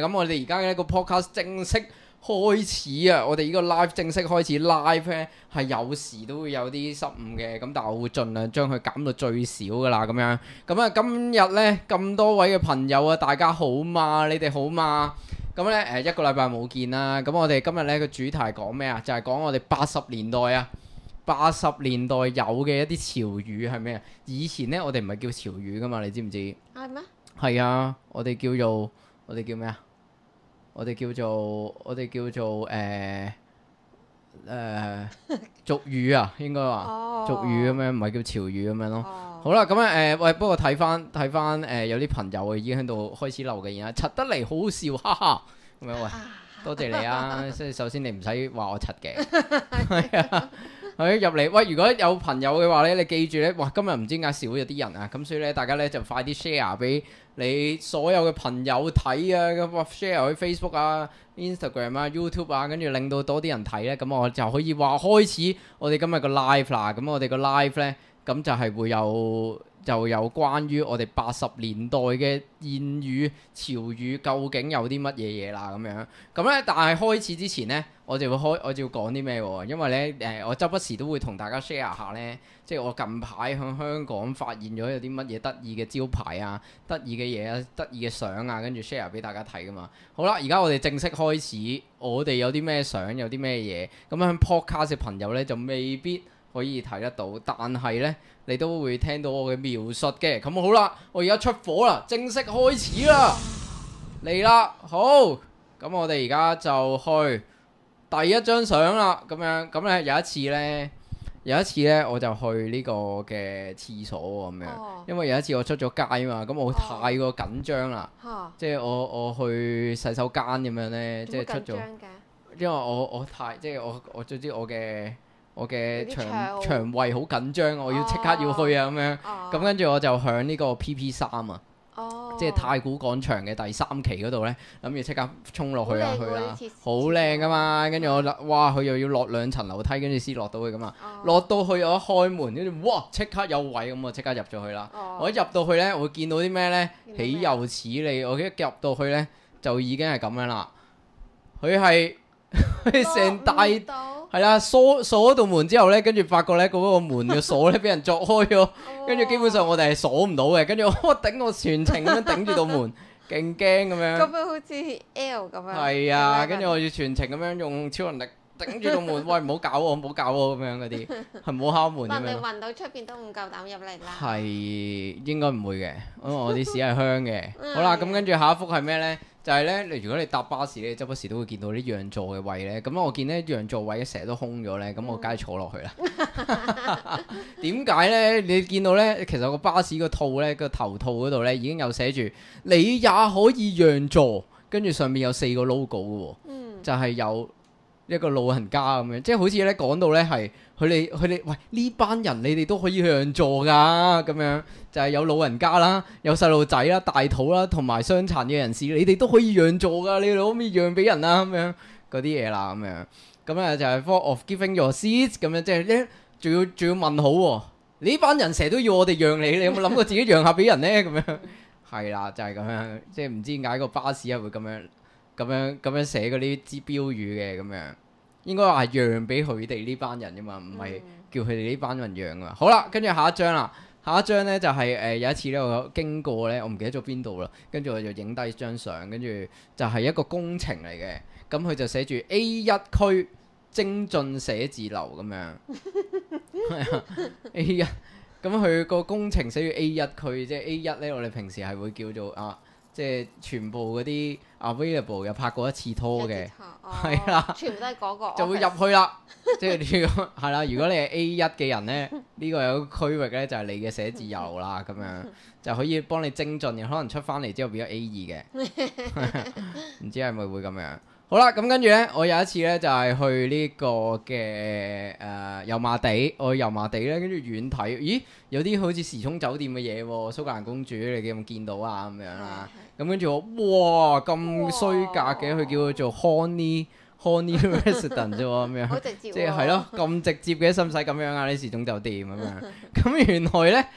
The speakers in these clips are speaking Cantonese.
咁、嗯、我哋而家嘅呢個 podcast 正式開始啊！我哋呢個 live 正式開始，live 咧係有時都會有啲失誤嘅，咁但係我會盡量將佢減到最少噶啦，咁樣。咁啊，今日咧咁多位嘅朋友啊，大家好嘛？你哋好嘛？咁咧誒一個禮拜冇見啦。咁我哋今日咧個主題講咩啊？就係、是、講我哋八十年代啊，八十年代有嘅一啲潮語係咩啊？以前咧我哋唔係叫潮語噶嘛，你知唔知？係咩嗎？係啊，我哋叫做我哋叫咩啊？我哋叫做我哋叫做誒誒、呃呃、俗語啊，應該話、哦、俗語咁、啊、樣，唔係叫潮語咁樣咯。哦、好啦，咁啊誒喂，不過睇翻睇翻誒有啲朋友啊已經喺度開始流嘅，言，而家柒得嚟好笑，哈哈咁樣喂，多謝你啊！即係、啊、首先你唔使話我柒嘅，係啊。 佢入嚟，喂！如果有朋友嘅話咧，你記住咧，哇！今日唔知點解少咗啲人啊，咁所以咧，大家咧就快啲 share 俾你所有嘅朋友睇啊，咁 share 喺 Facebook 啊、Instagram 啊、YouTube 啊，跟住令到多啲人睇咧，咁我就可以話開始我哋今日個 live 啦。咁我哋個 live 咧，咁就係會有。就有關於我哋八十年代嘅粵語潮語，究竟有啲乜嘢嘢啦咁樣。咁咧，但係開始之前呢，我就會開，我就要講啲咩喎？因為咧，誒，我周不時都會同大家 share 下咧，即係我近排響香港發現咗有啲乜嘢得意嘅招牌啊、得意嘅嘢啊、得意嘅相啊，跟住 share 俾大家睇噶嘛。好啦，而家我哋正式開始，我哋有啲咩相，有啲咩嘢，咁響 podcast 嘅朋友咧就未必。可以睇得到，但係呢，你都會聽到我嘅描述嘅。咁好啦，我而家出火啦，正式開始啦，嚟啦，好。咁我哋而家就去第一張相啦。咁樣，咁咧有一次呢，有一次呢，我就去呢個嘅廁所咁樣，哦、因為有一次我出咗街啊嘛。咁我太過緊張啦，哦哦、即係我我去洗手間咁樣呢，怎麼 即係出咗，因為我我太即係我我總之我嘅。我嘅腸腸胃好緊張，我要即刻要去啊，咁樣，咁跟住我就響呢個 P P 三啊，即係太古廣場嘅第三期嗰度呢。諗住即刻衝落去啊去啦，好靚噶嘛！跟住我落，哇！佢又要落兩層樓梯，跟住先落到去噶嘛。落到去我一開門，跟住哇！即刻有位，咁我即刻入咗去啦。我一入到去呢，我見到啲咩呢？喜有此利，我一入到去呢，就已經係咁樣啦。佢係。成大到係啦，鎖鎖咗道門之後咧，跟住發覺咧，嗰個門嘅鎖咧俾人鑿開咗，跟住基本上我哋係鎖唔到嘅。跟住我頂我全程咁樣頂住道門，勁驚咁樣。咁樣好似 L 咁樣。係啊，跟住我要全程咁樣用超能力頂住道門，喂，唔好搞我，唔好搞我咁樣嗰啲，係唔好敲門。但係你暈到出邊都唔夠膽入嚟啦。係應該唔會嘅，因為我啲屎係香嘅。好啦，咁跟住下一幅係咩咧？就係咧，你如果你搭巴士咧，你周不時都會見到啲讓座嘅位咧。咁我見呢讓座位成日都空咗咧，咁我梗係坐落去啦。點解咧？你見到咧，其實個巴士個套咧，個頭套嗰度咧已經有寫住你也可以讓座，跟住上面有四個 logo 嘅喎。就係有一個老人家咁樣，即係好似咧講到咧係。佢哋佢哋，喂呢班人，你哋都可以讓座噶、啊，咁樣就係、是、有老人家啦，有細路仔啦，大肚啦，同埋傷殘嘅人士，你哋都可以讓座噶，你哋可唔可以讓俾人啊？咁樣嗰啲嘢啦，咁樣咁咧就係、是、for of giving your seats 咁樣，即係咧仲要仲要問好喎！你呢班人成日都要我哋讓你，你有冇諗過自己讓下俾人呢？咁樣係啦，就係、是、咁樣，即係唔知點解個巴士係會咁樣咁樣咁樣寫啲支標語嘅咁樣。應該話係讓俾佢哋呢班人噶嘛，唔係叫佢哋呢班人讓噶嘛。好啦，跟住下一張啦，下一張呢，就係、是、誒、呃、有一次呢我經過呢，我唔記得咗邊度啦，跟住我就影低張相，跟住就係一個工程嚟嘅，咁佢就寫住 A 一區精進寫字樓咁樣 ，A 一，咁佢個工程寫住 A 一區啫，A 一呢，我哋平時係會叫做啊。即係全部嗰啲 available 又拍過一次拖嘅，係、oh, 啦，全部都係嗰、那個 就會入去啦。 即係呢個係啦，如果你係 A 一嘅人咧，呢 個有個區域咧，就係、是、你嘅寫字游啦，咁樣就可以幫你精進嘅，可能出翻嚟之後變咗 A 二嘅，唔 知係咪會咁樣。好啦，咁跟住呢，我有一次呢，就係去呢個嘅誒油麻地，我去油麻地呢，跟住遠睇，咦，有啲好似時鐘酒店嘅嘢蘇格蘭公主，你見唔見到啊？咁樣啊，咁跟住我哇咁衰格嘅，佢叫佢做 Honey Honey Resident 啫，咁樣即係係咯咁直接嘅，使唔使咁樣啊？你時鐘酒店咁樣，咁原來呢，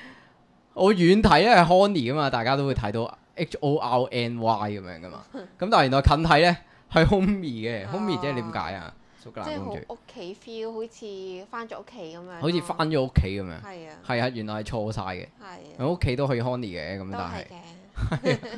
我遠睇呢係 Honey 噶嘛，大家都會睇到 H O R N Y 咁樣噶嘛，咁但係原來近睇呢。係 homey 嘅 homey 即係點解啊？蘇格蘭公主，即係好屋企 feel，好似翻咗屋企咁樣。好似翻咗屋企咁樣。係啊。係啊，原來係錯晒嘅。係。喺屋企都可以 homey 嘅，咁但係是、 啊。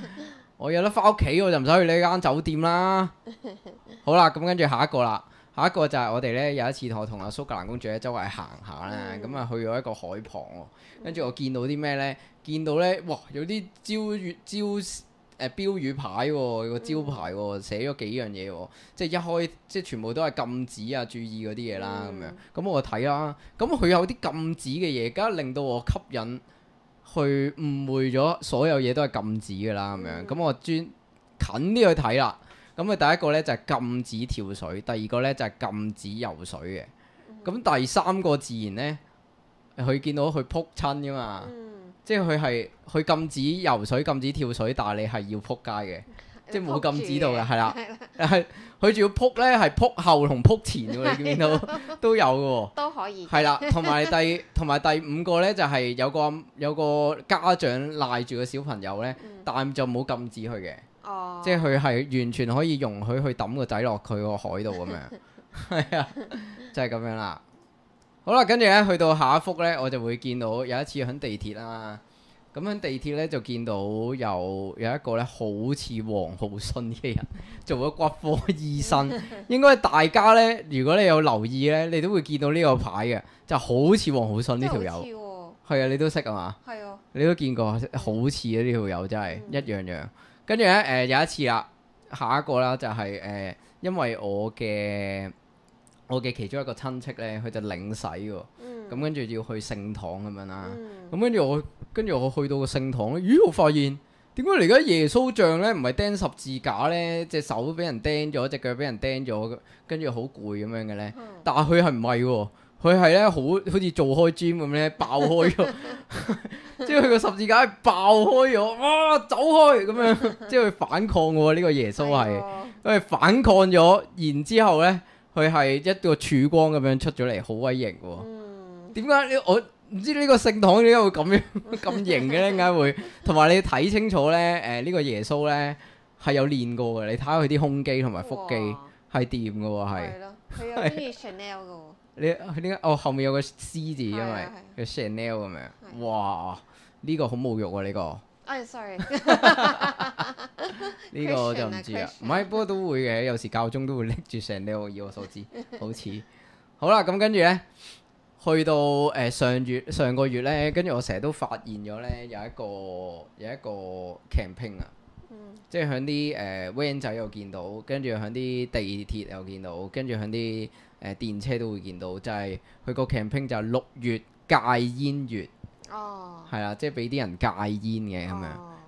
我有得翻屋企，我就唔使去你呢間酒店啦。 好啦，咁跟住下一個啦。下一個就係我哋咧有一次同我同阿蘇格蘭公主喺周圍行下咧，咁啊、嗯、去咗一個海旁喎。跟住我見到啲咩咧？見到咧，哇！有啲朝月朝。朝朝誒標語牌、哦、個招牌、哦嗯、寫咗幾樣嘢、哦，即係一開即係全部都係禁止啊、注意嗰啲嘢啦咁、嗯、樣。咁我睇啦，咁佢有啲禁止嘅嘢，梗係令到我吸引去誤會咗所有嘢都係禁止㗎啦咁樣。咁、嗯、我專近啲去睇啦。咁啊，第一個呢，就係、是、禁止跳水，第二個呢，就係、是、禁止游水嘅。咁第三個自然呢，佢見到佢撲親㗎嘛。嗯即係佢係佢禁止游水、禁止跳水，但係你係要撲街嘅，即係冇禁止到嘅，係啦了。係， 佢仲要撲咧，係撲後同撲前嘅，你見到 都有嘅的喎。都可以。係啦，同埋第同埋第五個咧，就係、是、有個有個家長賴住個小朋友咧，嗯、但係就冇禁止佢嘅。哦。即係佢係完全可以容許去抌個仔落佢個海度咁 樣，係啊，就係咁樣啦。好啦，跟住咧去到下一幅呢，我就會見到有一次喺地鐵啊，咁喺地鐵呢，就見到有有一個呢，好似王浩信嘅人，做咗骨科醫生。 應該大家呢，如果你有留意呢，你都會見到呢個牌嘅，就是、好似王浩信呢條友。好似、哦、啊，你都識啊嘛？係啊。你都見過，好似啊呢條友真係、嗯、一樣樣。跟住呢，誒、呃、有一次啦，下一個啦就係、是、誒、呃，因為我嘅。我嘅其中一個親戚咧，佢就領洗喎，咁跟住要去聖堂咁樣啦。咁、嗯、跟住我，跟住我去到個聖堂，咦？我發現點解而家耶穌像咧，唔係釘十字架咧，隻手俾人釘咗，隻腳俾人釘咗，跟住好攰咁樣嘅咧。但係佢係唔係喎？佢係咧好好似做開 gym 咁咧，爆開咗， 即係佢個十字架爆開咗。哇、啊！走開咁樣，即係佢反抗喎。呢、呢個耶穌係佢的反抗咗，然之後咧。佢係一個曙光咁樣出咗嚟，好威型喎。點解呢？我唔知呢個聖堂點解會咁樣咁型嘅咧？點解會,會？同埋 你睇清楚咧，誒、呃、呢、呢個耶穌咧係有練過嘅。你睇下佢啲胸肌同埋腹肌係掂嘅喎，係哇。係咯，係有啲 Chanel 嘅你佢點解？哦，後面有個 C 字，了因為佢 Chanel 咁樣。了哇！呢了個好侮辱啊，呢、呢個。I'm sorry。呢 個我就唔知啦，唔係不過都會嘅，有時教鐘都會拎住成啲。以我所知，好似 好啦。咁跟住咧，去到誒、呃、上月上個月咧，跟住我成日都發現咗咧，有一個有一個 campaign 啊、嗯，即係喺啲誒 van 仔又見到，跟住喺啲地鐵又見到，跟住喺啲誒電車都會見到，就係、是、佢個 campaign 就六月戒煙月。哦，係啊，即係俾啲人戒煙嘅咁、哦、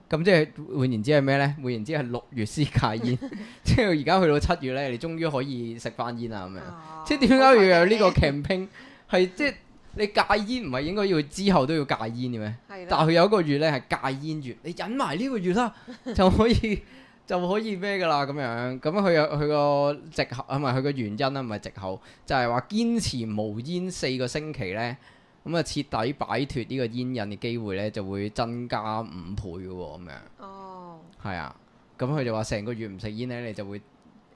樣，咁即係換言之係咩呢？換言之係六月先戒煙， 即係而家去到七月呢，你終於可以食翻煙啦咁、哦、樣。即係點解要有呢個 campaign？係即係 你戒煙唔係應該要之後都要戒煙嘅咩？係啦。但係佢有一個月呢係戒煙月，你忍埋呢個月啦， 就可以就可以咩㗎啦咁樣。咁佢有佢個藉口啊，唔係佢個原因啊，唔係藉口，就係、是、話堅持無煙四個星期呢。咁啊，徹底擺脫呢個煙癮嘅機會咧，就會增加五倍嘅喎，咁樣哦，係啊。咁佢就話成個月唔食煙咧，你就會誒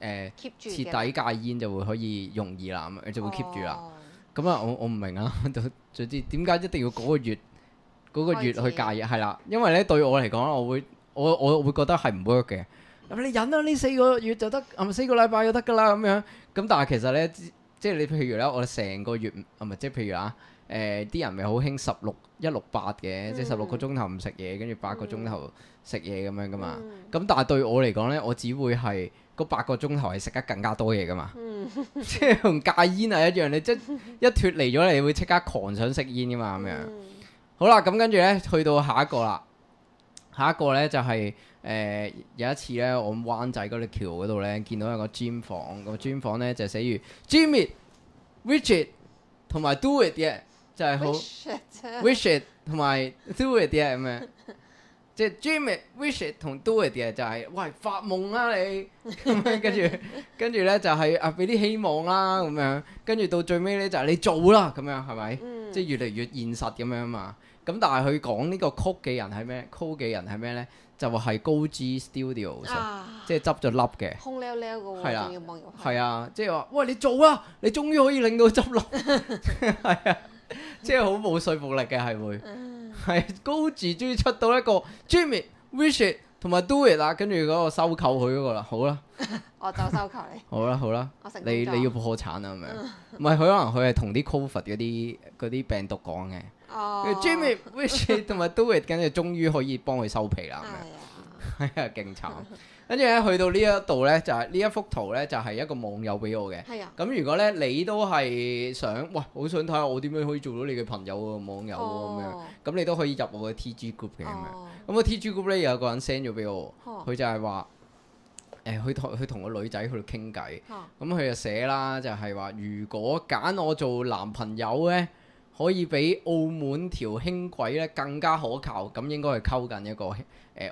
k、呃、徹底戒煙，就會可以容易啦，就會 keep 住啦。咁啊、哦，我我唔明啊，總之點解一定要嗰個月嗰 月去戒？係啦始，因為咧對我嚟講，我會我我會覺得係唔 work 嘅。咁你忍咗、啊、呢四個月就得，係咪四個禮拜就得㗎啦？咁樣咁，但係其實咧，即係你譬如咧，我哋成個月啊，唔係即係譬如啊。誒啲、呃、人咪好興十六一六八嘅，嗯、即係十六個鐘頭唔食嘢，跟住八個鐘頭食嘢咁樣噶嘛。咁、嗯、但係對我嚟講呢，我只會係嗰八個鐘頭係食得更加多嘢噶嘛。嗯、 即係同戒煙係一樣，你即一脱離咗，你會即刻狂想食煙噶嘛，咁、嗯、樣。好啦，咁跟住呢，去到下一個啦。下一個呢，就係、是、誒、呃、有一次呢，我灣仔嗰條橋嗰度呢，見到有個 gym 房，個 gym 房呢，就是、寫住 gym it, reach it，同埋 do it 嘅、yeah。就係好 wish it，同埋 do it 啲係咩？即係 dream it、wish it，同 do it yeah，就係、是、喂發夢啦、啊、你咁 樣跟住跟住咧就係、是、啊俾啲希望啦、啊、咁樣跟住到最尾咧就係你做啦咁樣係咪？嗯、即係越嚟越現實咁樣嘛。咁但係佢講呢個曲嘅人係咩？曲嘅人係咩咧？就係高知 studio 即係執咗笠嘅空溜溜嘅係啦，係啊，即係話喂你做啦，你終於可以令到執笠。喵喵」係啊。即係好冇説服力嘅，係會，係、嗯、 高治終於出到一個 Jimmy Wishit 同埋 Do it 啦，跟住嗰個收購佢嗰個啦，好啦， 我就收購你， 好啦好啦，你你要破產啦咁樣，唔係佢可能佢係同啲 Covid 嗰啲啲病毒講嘅、哦、 ，Jimmy Wishit 同埋 Do it，跟住終於可以幫佢收皮啦，咁樣，係啊，勁慘。跟住咧，去到呢一度呢，就係、是、呢一幅圖呢，就係、是、一個網友俾我嘅。咁、啊、如果呢，你都係想，哇，好想睇下我點樣可以做到你嘅朋友喎，網友喎咁、哦、樣，咁你都可以入我嘅 T G group 嘅咁樣。咁個 T G group 咧有個人 send 咗俾我，佢、哦、就係話，誒、哎，佢同佢同個女仔喺度傾偈，咁佢、哦、就寫啦，就係、是、話，如果揀我做男朋友呢，可以比澳門條輕軌呢更加可靠，咁應該係溝緊一個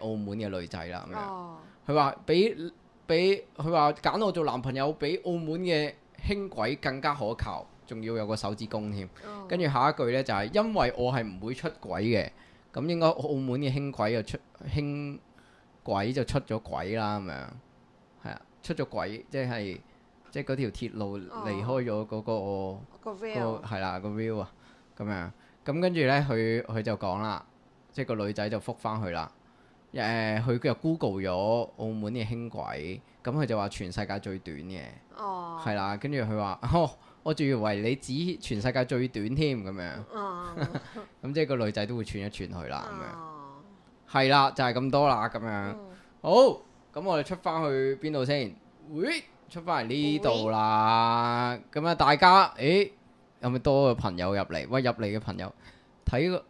澳門嘅女仔啦咁樣。佢話：俾俾佢話揀我做男朋友，比澳門嘅輕軌更加可靠，仲要有個手指公添。跟住下一句呢，就係、是、因為我係唔會出軌嘅，咁應該澳門嘅輕軌就出輕軌就出咗軌啦咁樣，係啊，出咗軌即係即係嗰條鐵路離開咗嗰、那個、哦、個係啦、那個 view 啊咁樣，咁跟住呢，佢佢就講啦，即係個女仔就覆返佢啦。誒，佢佢又、呃、Google 咗澳門嘅輕軌，咁佢就話全世界最短嘅，係啦、啊。跟住佢話，我仲以為你指全世界最短添，咁樣。咁、啊、 即係個女仔都會串一串去啦，咁樣。係啦、啊，就係、是、咁多啦，咁樣。嗯、好，咁我哋出翻去邊度先？哎、出翻嚟呢度啦。咁啊，大家，誒、欸，有冇多個朋友入嚟？喂，入嚟嘅朋友，睇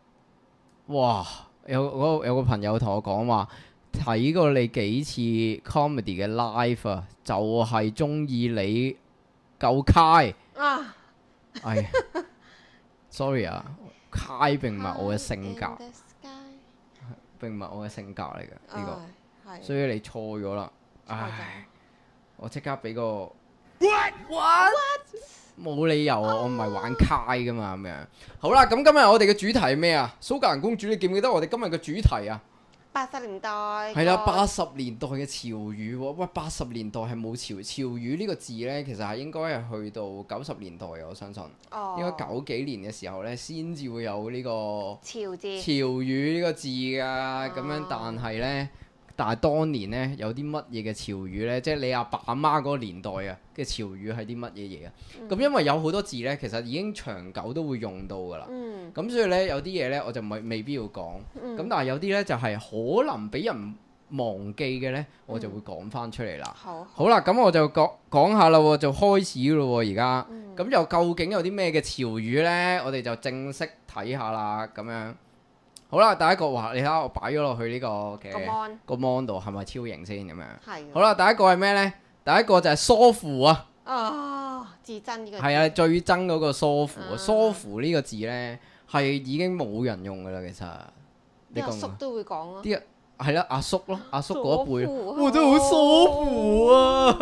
哇！有嗰個有個朋友同我講話，睇過你幾次 comedy 嘅 live 啊，就係中意你夠 high 啊！Sorry 啊，high 並唔係我嘅性格，並唔係我嘅性格嚟嘅呢個，所以你錯咗啦！唉，我即刻俾個。What? What? What? 冇理由、哦、我唔係玩卡嘅嘛咁樣。哦、好啦，咁今日我哋嘅主題係咩啊？蘇格蘭公主，你記唔記得我哋今日嘅主題啊？八十年代。係啦，八十年代嘅潮語喎，喂，八十年代係冇潮潮語呢個字呢，其實係應該係去到九十年代嘅，我相信。哦。應該九幾年嘅時候呢，先至會有呢、這個潮字。潮語呢個字噶，咁樣，哦、但係呢。但係當年呢，有啲乜嘢嘅潮語呢？即係你阿爸阿媽嗰年代呀嘅潮語係啲乜嘢嘢啊？咁、嗯、因為有好多字呢，其實已經長久都會用到㗎啦。咁、嗯、所以呢，有啲嘢呢，我就未未必要講。咁、嗯、但係有啲呢，就係、是、可能俾人忘記嘅呢，我就會講翻出嚟啦。好，好啦，咁我就講講下啦，就開始啦、啊，而家。咁又、嗯、究竟有啲咩嘅潮語呢？我哋就正式睇下啦，咁樣。好啦，第一個話，你睇下我擺咗落去呢個嘅個芒度，d 係咪超型先咁樣？係的。好啦，第一個係咩咧？第一個就係疏乎啊！哦、啊，至真嘅。個係啊，最真嗰個疏乎啊！疏乎呢個字咧係已經冇人用噶啦，其實。阿、嗯、叔都會講咯。啲啊，係啦，阿叔咯，阿叔嗰一輩。我都好疏乎啊！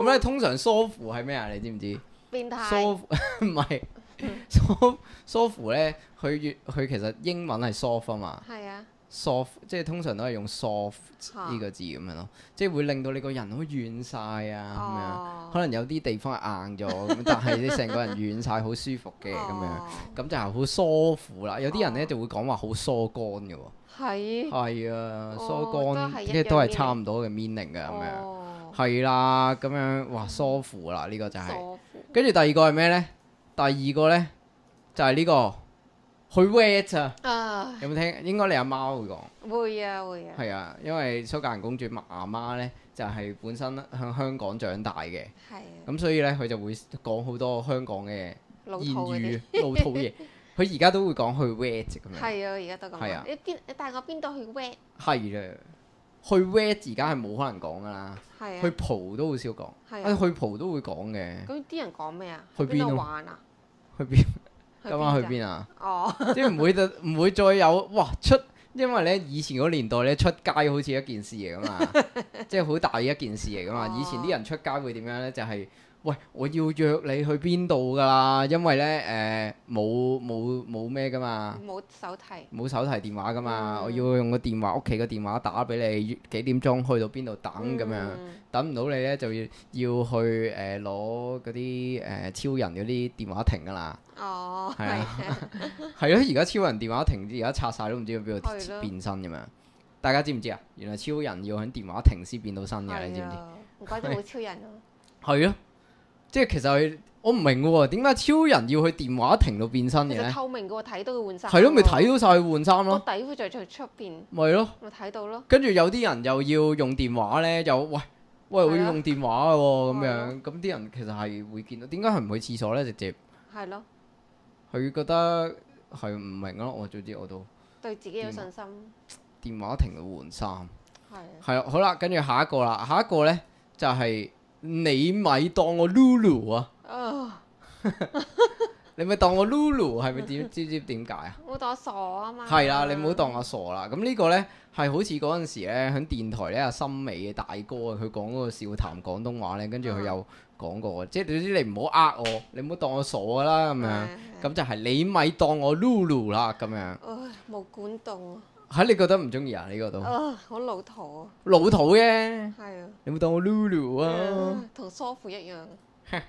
咁咧，通常疏乎係咩啊？你知唔知？變態。疏乎唔係。舒舒服咧，佢越佢其實英文係 soft 啊嘛，係啊，soft 即係通常都係用 soft 呢個字咁樣咯，即係會令到你個人好軟晒啊咁樣，可能有啲地方係硬咗，但係你成個人軟晒，好舒服嘅咁樣，咁就係好 soft 啦。有啲人咧就會講話好舒乾嘅喎，係係啊，舒乾呢啲都係差唔多嘅 meaning 嘅咁樣，係啦，咁樣哇，soft 啦呢個就係，跟住第二個係咩咧？第二個呢，就係呢個去 wet 啊，有冇聽？應該你阿媽會講。會啊，會啊。係啊，因為蘇格蘭公主阿媽呢，就係本身喺香港長大嘅，咁所以呢，佢就會講好多香港嘅言語，老土嘢。佢而家都會講去 wet 咁樣。係啊，而家都講。係啊，你邊，你帶我邊度去 wet 係啦，去 wet 而家係冇可能講噶啦。去蒲都好少講。去蒲都會講嘅。咁啲人講咩啊？去邊度玩啊？去邊？今晚去邊啊？哦，即係唔會，唔 會再有哇出，因為咧以前嗰年代咧出街好似一件事嚟噶嘛， 即係好大一件事嚟噶嘛。哦、以前啲人出街會點樣咧？就係、是。喂，我要約你去邊度噶啦？因為咧，誒，冇冇冇咩噶嘛，冇手提，冇手提電話噶嘛，我要用個電話，屋企個電話打俾你，幾點鐘去到邊度等咁樣，等唔到你咧就要要去誒攞嗰啲誒超人嗰啲電話亭噶啦，哦，係啊，係咯，而家超人電話亭而家拆晒都唔知去邊度變身咁樣，大家知唔知啊？原來超人要喺電話亭先變到身嘅，你知唔知？唔該，冇超人咯，係咯。即係其實我唔明喎，點解超人要去電話亭度變身嘅咧？其實透明嘅，睇到佢換衫。係咯，咪睇到晒佢換衫咯。個底褲著喺出邊。咪咯，咪睇到咯。跟住有啲人又要用電話咧，又喂喂，我要用電話喎、啊、咁樣。咁啲了人其實係會見到，點解佢唔去廁所咧？直接係咯，佢覺得係唔明咯。我早知我都對自己有信心。電話亭度換衫係係咯，好啦，跟住下一個啦，下一個咧就係、是。你咪當我 Lulu 啊！你咪當我 Lulu，係咪點知唔知點解啊？我當傻啊嘛！係啦，你唔好當我傻啦。咁呢個呢，係好似嗰陣時咧響電台呢，阿森美嘅大哥，佢講嗰個笑談廣東話呢，跟住佢又講過，即係總之你唔好呃我，你唔好當我傻啦咁樣。咁就係你咪當我 Lulu 啦咁樣。冇管動。吓、啊，你覺得唔中意啊？呢個都啊，好老土啊！老土嘅，係啊，你冇當我 Lulu 啊？同梳乎一樣。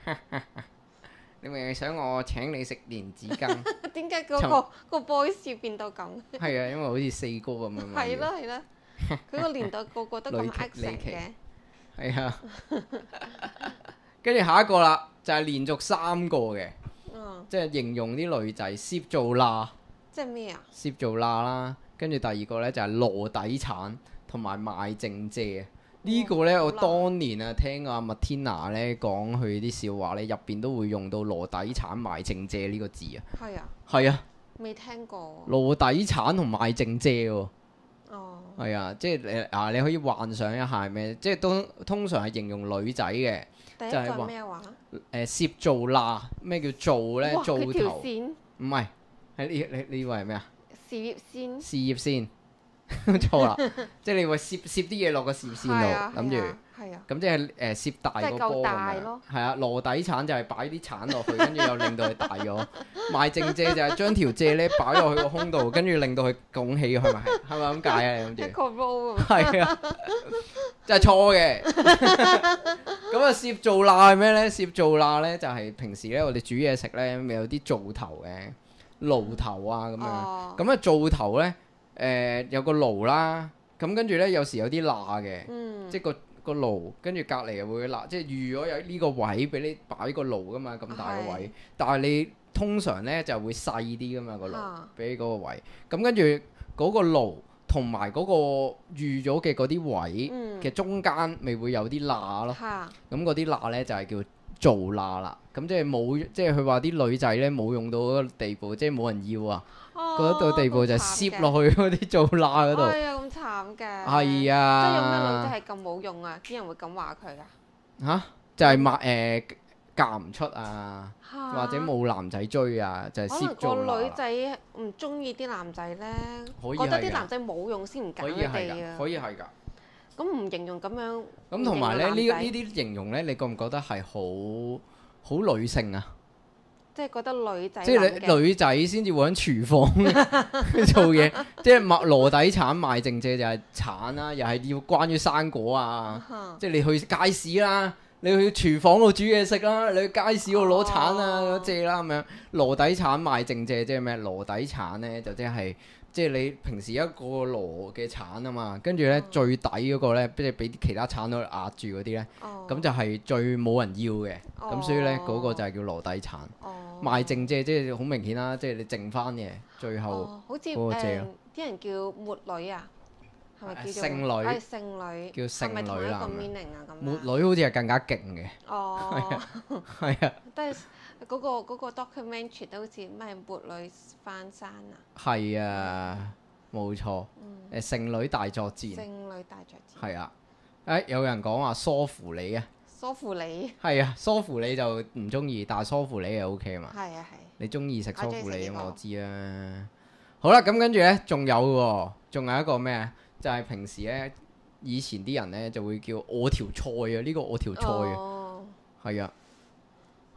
你咪想我請你食蓮子羹？點解嗰個從個 boys 變到咁？係啊，因為好似四哥咁 啊嘛。係啦係啦，佢個、啊、年代個個都講 X 嘅。係啊，跟住 下一個啦，就係、是、連續三個嘅、就是， 即係形容啲女仔涉做乸，即係咩啊？涉做乸啦。跟住第二個呢、就是，就係籮底橙同埋賣剩蔗，呢、哦、個呢，我當年啊聽阿麥天娜呢講佢啲笑話呢，入邊都會用到籮底橙賣剩蔗呢個字啊。係啊。係啊。未聽過。籮底橙同賣剩蔗喎。哦。係、哦、啊，即係你啊，你可以幻想一下咩？即、就、係、是、都通常係形容女仔嘅。一就一句咩話？誒麼，攝、嗯、灶罅咩叫做呢？灶嘩頭。唔係，係呢呢呢個係咩啊？事業線，錯啦！即係你會攝攝啲嘢落個事業線度，諗 住了，係啊，咁即係誒攝大個波咁咯。係啊，籮底橙就係擺啲橙落去，跟住 又令到佢大咗。賣剩 蔗就係將條蔗咧擺落去個胸度，跟住令到佢拱起佢咪係咪咁解啊？咁即係，係 啊， 就係錯嘅。咁啊，攝灶罅係咩咧？攝灶罅咧就係平時咧，我哋煮嘢食咧，咪有啲灶頭嘅。爐頭啊咁樣,、哦、樣，咁啊灶頭呢，誒、呃、有個爐啦，咁跟住呢，有時有啲罅嘅，即係個個爐跟住隔離會罅，即係預咗有呢個位俾你擺個爐噶嘛，咁大個位，是 但係你通常呢就會細啲噶嘛爐、啊、個,個爐，俾嗰個位，咁跟住嗰個爐同埋嗰個預咗嘅嗰啲位，其實中間咪會有啲罅咯，咁嗰啲罅呢，就係、是、叫。做乸啦，咁即係冇，即係佢話啲女仔咧冇用到嗰個地步，即係冇人要啊。嗰度、啊、地步就攝落去嗰啲做乸嗰度。係、哦哎、啊，咁慘嘅。係啊。即係有咩女仔係咁冇用啊？啲人會咁話佢㗎？吓，就係默誒嫁唔出啊，啊或者冇男仔追啊，就係攝追㗎啦。個女仔唔中意啲男仔咧，覺得啲男仔冇用先唔揀佢哋啊，可。可以係㗎。可以咁唔形容咁樣，咁同埋咧呢呢啲形容咧，你覺唔覺得係好好女性啊？即係覺得女仔，即係女女仔先至會喺廚房做嘢，即係賣籮底橙賣剩蔗就係橙啦，又係要關於生果啊， 即係你去街市啦，你去廚房度煮嘢食啦，你去街市度攞橙啊，啊蔗啦咁樣，籮底橙賣剩蔗即係咩？籮底橙咧就即係。即係你平時一個籮嘅橙啊嘛，跟住咧最底嗰個咧，即係俾其他橙都壓住嗰啲咧，咁就係最冇人要嘅。咁所以咧嗰個就係叫籮底橙，賣剩蔗即係即係好明顯啦，即係你剩翻嘅最後嗰個蔗。啲人叫末女啊，係咪叫做聖女？係聖女，叫聖女啦。末女好似係更加勁嘅。哦，係啊。但係。嗰、那個嗰、那個 documentary 都好似咩抹女翻山啊？係啊，冇錯。誒、嗯，剩女大作戰。剩女大作戰。係啊，誒、欸、有人講話梳乎你啊？「梳乎你。係啊，梳乎你就唔中意，但係梳乎你又 OK 啊嘛。係啊係。啊你中意食梳乎你啊、這個？我知啊。好啦、啊，咁跟住咧，仲有喎、哦，仲有一個咩就係、是、平時咧，以前啲人咧就會叫我條菜啊，呢、這個我條菜、哦、啊，哦，係啊。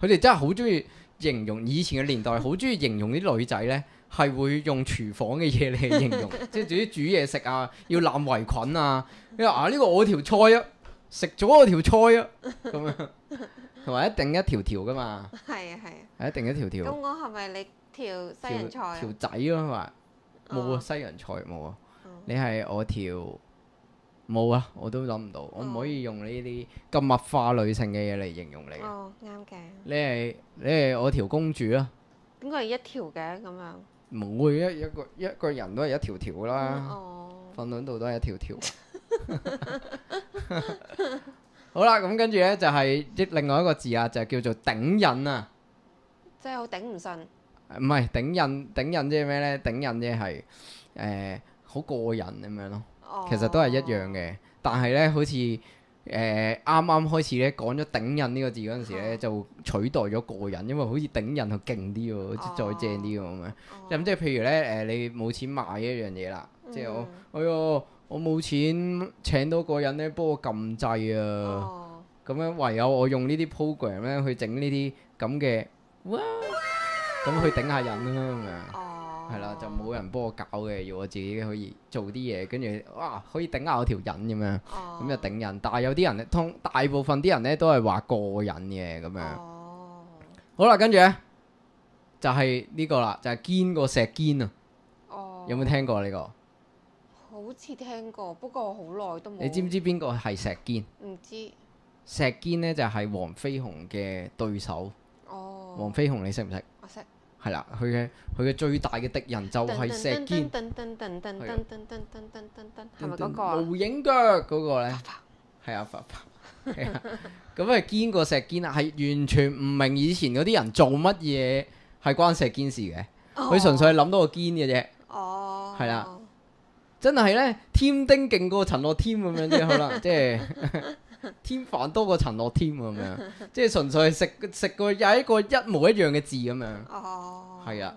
佢哋真係好中意形容以前嘅年代，好中意形容啲女仔呢，係會用廚房嘅嘢嚟形容， 即係自己煮嘢食啊，要攬圍裙啊。你話 啊，呢個我條菜啊，食咗我條菜啊，咁 樣同埋一定一條條噶嘛。係啊係啊，一定一條條。咁 我係咪你條西洋菜仔啊？條仔咯，嘛？冇啊西洋菜冇啊，嗯、你係我條。冇啊！我都諗唔到，我唔可以用呢啲咁物化女性嘅嘢嚟形容你嘅。哦，啱嘅。你係你係我條公主啦。點解係一條嘅咁樣？唔會一一個一個人都係一條條啦。哦。瞓兩度都係一條條。好啦，咁跟住咧就係一另外一個字啊，就係叫做頂癮啊。即係好頂唔順。唔係頂癮，頂癮即係咩咧？頂癮即係誒好過癮咁樣咯。其實都係一樣嘅，但係呢，好似誒啱啱開始呢講咗頂人呢個字嗰陣時呢，就取代咗個人，因為好似頂人係勁啲喎，哦、好似再正啲咁樣。咁、哦、即係譬如呢，誒、呃，你冇錢買一樣嘢啦，嗯、即係我哎呦，我冇錢請到個人呢幫我撳掣啊，咁、哦、樣唯有我用呢啲 program 呢去整呢啲咁嘅，咁、啊、去頂下人啊。咁樣。係啦，啊、就冇人幫我搞嘅，要我自己可以做啲嘢，跟住哇可以頂下我條癮咁樣，咁、啊、就頂癮。但係有啲人通大部分啲人咧都係話過癮嘅咁樣。啊、好啦，跟住咧就係呢個啦，就係、是、堅、就是、過石堅啊。哦，有冇聽過呢、這個？好似聽過，不過好耐都冇。你知唔知邊個係石堅？唔知石堅呢就係、是、黃飛鴻嘅對手。哦、啊，黃飛鴻你識唔識？我識。係啦，佢嘅佢嘅最大嘅敵人就係石堅，係咪嗰個？無影腳嗰個咧，係阿佛爸，係啊，咁啊堅過、啊啊、石堅啊，係完全唔明以前嗰啲人做乜嘢係關石堅事嘅，佢純粹係諗到個堅嘅啫，哦，係啦，真係咧，添丁勁過陳樂添咁樣啲好啦即係。添飯多過陳樂添咁樣， 即係純粹係食食過有一個一模一樣嘅字咁樣。哦，係、oh. 啊，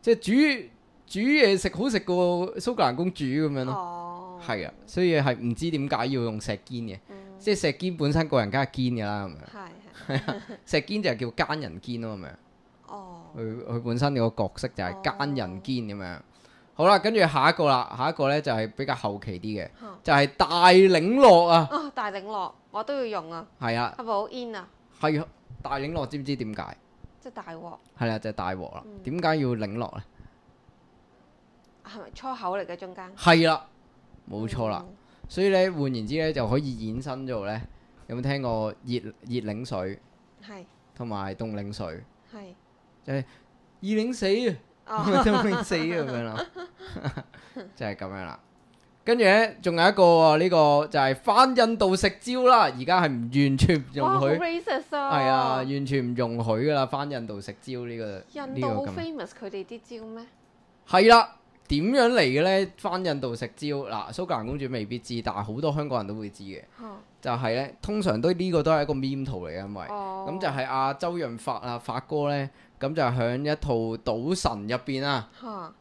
即係煮煮嘢食好食過蘇格蘭公主咁樣咯。哦，係、oh. 啊，所以係唔知點解要用石堅嘅，mm. 即係石堅本身個人梗係堅㗎啦咁樣。係係啊， 石堅就係叫奸人堅咁樣。哦，佢佢、oh. 本身個角色就係奸人堅咁樣。好啦，跟住下一個啦，下一個咧就係比較後期啲嘅，就係大檸樂啊！大檸樂，我都要用啊！係啊，係咪好 in 啊？係啊，大檸樂，知唔知點解？即係大鑊。係啊，就係大鑊啦！點解要檸樂咧？係咪粗口嚟嘅中間？係啦，冇錯啦。所以咧，換言之咧，就可以衍生做咧，有冇聽過熱熱檸水？係。同埋凍檸水。係。誒，二零四啊！我都未死咁樣咯，就係咁樣啦。跟住咧，仲有一個呢、這個就係返印度食蕉啦。而家係唔完全唔容許，係啊，啊，完全唔容許噶啦。返印度食蕉呢、這個印度好 famous 佢哋啲蕉咩？係啦、啊，點樣嚟嘅咧？返印度食蕉嗱，蘇、啊、格蘭公主未必知，但係好多香港人都會知嘅。啊、就係咧，通常都呢、這個都係一個 meme 圖嚟嘅，因為咁、哦、就係阿、啊、周潤發啊，發哥咧。咁就喺一套《賭神》入邊啊，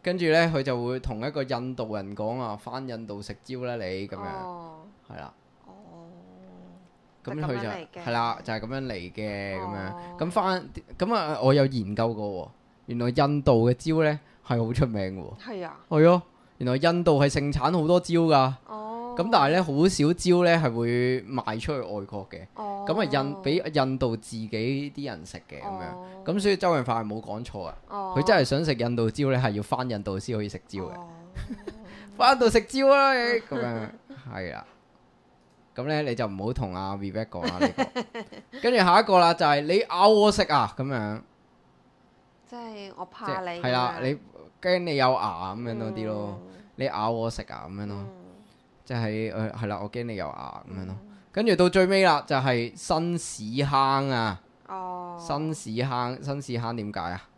跟住呢，佢就會同一個印度人講啊，翻印度食蕉啦你，咁樣，係啦，咁佢就係啦，就係、係、咁樣嚟嘅咁樣。咁翻咁啊，我有研究過喎，原來印度嘅蕉呢係好出名嘅喎。係啊。係啊，原來印度係盛產好多蕉㗎。哦咁但係咧好少蕉咧係會賣出去外國嘅，咁啊、哦、印俾印度自己啲人食嘅咁樣，咁所以周潤發係冇講錯啊，佢、哦、真係想食印度蕉咧，係要翻印度先可以食蕉嘅，翻到食蕉啦你咁樣，係啊，咁咧你就唔好同阿 Vivac 講啦，跟、這、住、個、 下一個啦就係你咬我食啊咁樣，即係我怕你，係啦，你驚你有牙咁樣多啲咯，你咬我食啊咁樣咯。即係誒係啦，我驚你又牙咁樣咯，跟住、嗯、到最尾啦，就係、是、新屎坑啊！哦，新屎坑，新屎坑點解啊？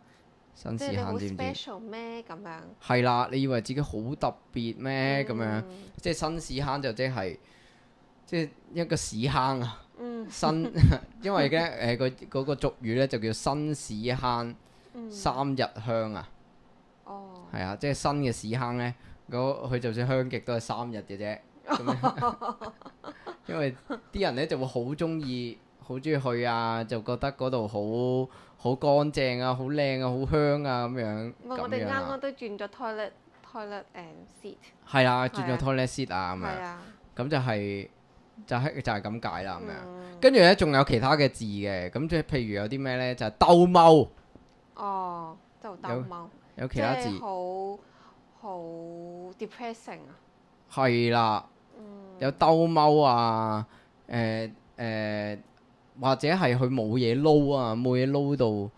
新屎坑知唔知？咩咁樣？係啦，你以為自己好特別咩？咁樣，即係新屎坑就即係即係一個屎坑啊！嗯、新 因為咧誒，呃那個嗰個俗語咧就叫新屎坑三日香啊！嗯、哦，係啊，即係新嘅屎坑咧。佢就算香極都係三日嘅啫， 因為啲人呢就會好中意，好中意去啊，就覺得嗰度好好乾淨啊，好靚啊，好香啊咁樣。樣啊、我哋啱啱都轉咗 toilet toilet 誒 seat 係啊，啊轉咗 toilet、啊、seat 啊咁樣、就係。咁就係、係、就係就係咁解啦咁、嗯、樣。跟住呢仲有其他嘅字嘅，咁即係譬如有啲咩呢？就係兜踎。哦，就兜、係、踎。有其他字。好 depressing 啊！係啦，有兜踎啊，誒誒，或者係佢冇嘢撈啊，冇嘢撈到，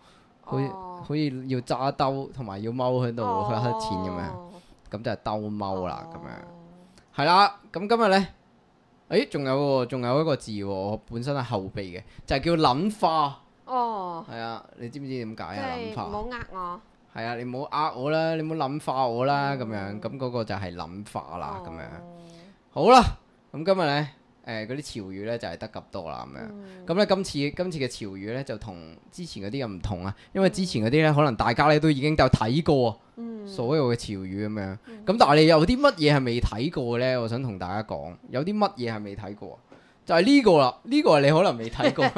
好似好似要揸兜同埋要踎喺度乞乞錢咁樣，咁就係兜踎啦咁樣。係啦，咁今日咧，誒仲有個仲有一個字喎，本身係後備嘅，就係叫諗化。哦，係啊，你知唔知點解啊？諗化，冇呃我。係啊，你唔好呃我啦，你唔好諗化我啦，咁樣咁嗰個就係諗化啦，咁樣。好啦，咁今日呢，誒嗰啲潮語呢就係得咁多啦，咁樣。咁呢，今次今次嘅潮語呢就同之前嗰啲又唔同啊，因為之前嗰啲呢，可能大家呢都已經有睇過所有嘅潮語咁樣。咁但係你有啲乜嘢係未睇過呢？我想同大家講，有啲乜嘢係未睇過。就係呢個啦，呢、呢個你可能未睇過。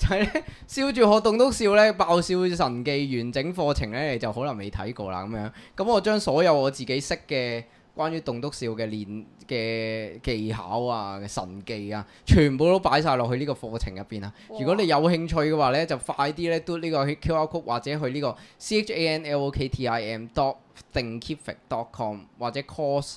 就係咧，笑住學棟篤笑咧，爆笑神技完整課程咧，你就好難未睇過啦咁樣。咁我將所有我自己識嘅關於棟篤笑嘅練嘅技巧啊、神技啊，全部都擺晒落去呢個課程入邊啊。哇如果你有興趣嘅話咧，就快啲咧嘟呢個 QR code 或者去呢個 chanloktim.com 或者 course。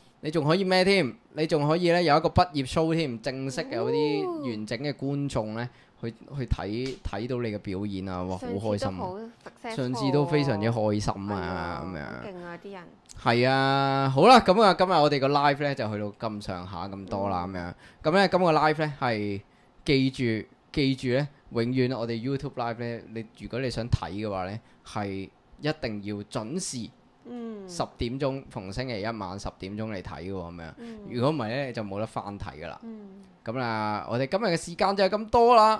你仲可以咩添？你仲可以咧有一個畢業 show 添，正式有啲完整嘅觀眾咧，去去睇睇到你嘅表演啊，哇，好開心。上次都、啊、上次都非常之開心啊，咁樣。勁啊！啲人。係啊，好啦，咁啊，今日我哋個 live 咧就去到咁上下咁多啦，咁樣、嗯。咁咧，今個 live 咧係記住記住咧，永遠我哋 YouTube live 咧，你如果你想睇嘅話咧，係一定要準時。十點鐘，逢星期一晚十點鐘嚟睇喎，咁樣。如果唔係呢，就冇得翻睇㗎喇。咁、嗯、啊，我哋今日嘅時間就係咁多喇。